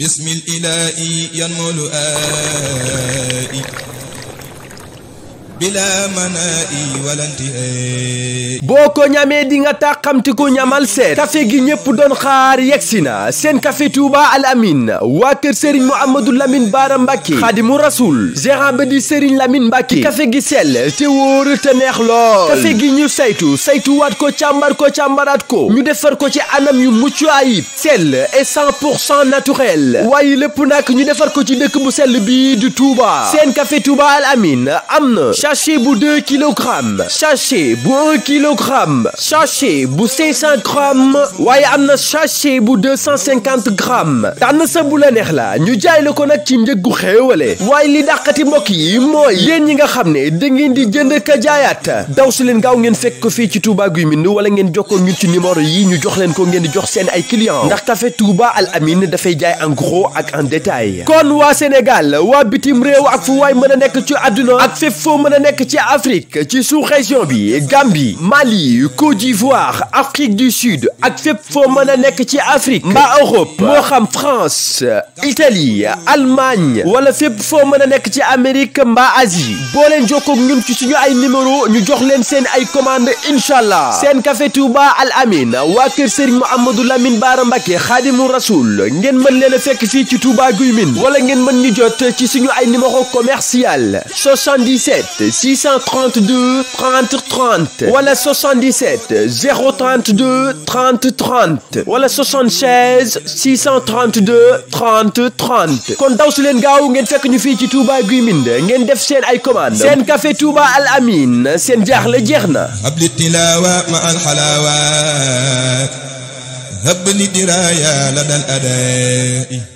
بسم الإله ينمو الآن boo ko ñamee di nga tàqamtiku ñamal seet café gi ñëpp doon xaar yegsi na seen café Touba Al Amin waa kër Serigne Mouhamadou Lamine Bara Mbacke Xadimu Rasul gérant ba di Serigne Lamine Mbacke café gi sel te wóor te neex lool café gi ñu saytu saytuwaat ko càmbar ko càmbaraat ko ñu defar ko ci anam yu mucc ayib sell et cent pour cent naturel waaye lépp nag ñu defar ko ci dëkk bu sell bii di Touba seen café Touba Al Amin am na sachet bu 2 kilogramme sachet bu 1 kilogramme sachet bu 500 grammes waaye am na sachet bu 250 grammes tànn sa bu la neex la ñu jaay la ko nag ci njëggu xéewale waaye li dàqati mbokk yi mooy yéen ñi nga xam ne da ngeen di jënd ka jaayaat daw si leen gaaw ngeen fekk ko fii ci Touba Guy Mbind wala ngeen ko ñun ci numéro yi ñu jox leen ko ngeen di jox seen ay clients ndax café Touba Al Amine dafay jaay en gros ak en détail kon waa Sénégal waa bitim réew ak fu waay mën a ci àdduna a la ci Afrique ci sous-région bi Gambie Mali Côte d'Ivoire Afrique du Sud ak fépp foo Afrique mbaa Europe mo France Italie Allemagne wala fépp fo mën Amérique mbaa Asie boo leen jokkoog ñun ci suñu ay numéro ñu jox len seen ay commande inshallah. seen café Touba Al Amin wa keur Serigne Mohamedou Lamine Bara Khadimou Rasoul ngeen mën leen fekk fii ci Touba Guy wala ngeen mën ñu jot ci suñu ay numéro commercial 77 632 30 30 wala 77 032 30 30 wala 76 632 30 30 kon daw su leen gaaw ngeen fekk ñu fii ci Touba Guy Mbind ngeen def seen ay commande seen café Touba Al Amin seen jaaxle jeex na abli tilawa ma al halawa habni diraya ladal adai